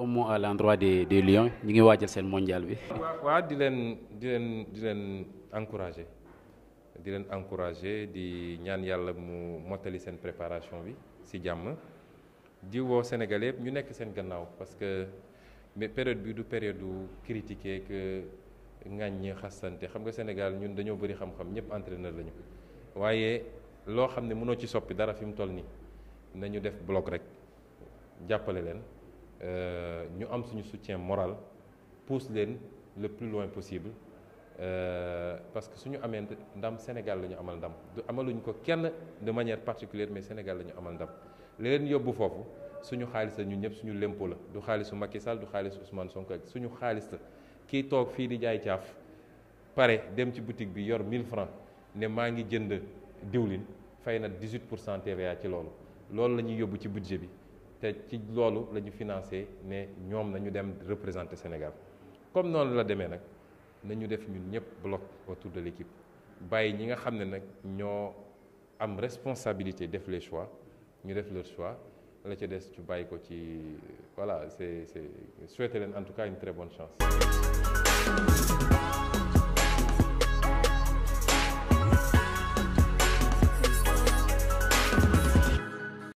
au moins à l'endroit des des Lions ñu ngi waajal seen mondial bi. waa di leen di leen di leen encourager di leen encourager di ñaan yàlla mu mottali seen préparation bi ci jàmm di woo Sénégalais yëpp ñu nekk seen gannaaw parce que mais période bi du période du critiquer que ŋàññi xasante xam nga Sénégal ñun dañoo bëri xam-xam ñëpp entraîneur lañu waaye loo xam ne mënoo ci soppi dara fi mu toll nii nañu def bloc rek jàppale leen. Euh, ñu am suñu soutien moral pousse leen le plus loin possible euh, parce que suñu amee ndam Sénégal la ñu amal ndam du amaluñu ko kenn de manière particulière mais Sénégal la amal ndam leen yóbbu foofu suñu xaalis la ñun ñëpp suñu lémpo la du xaalisu Macky Sall du xaalisu Ousmane Sonko ak suñu xaalis la kii toog fii di jaay caaf pare dem ci boutique bi yor 1000 francs ne maa ngi jënd diwlin fay na 18 pour cent TVA ci loolu loolu la ñuy yóbbu ci budget bi te ci loolu la ñu financé ne ñoom nañu dem représenter Sénégal comme noonu la demee nag nañu def ñun ñëpp bloc autour de l'équipe bàyyi ñi nga xam ne nag ñoo am responsabilité def les choix ñu def leur choix la ca des ci bàyyi ko ci voilà c'est c'est souhaiter leen en tout cas une très bonne chance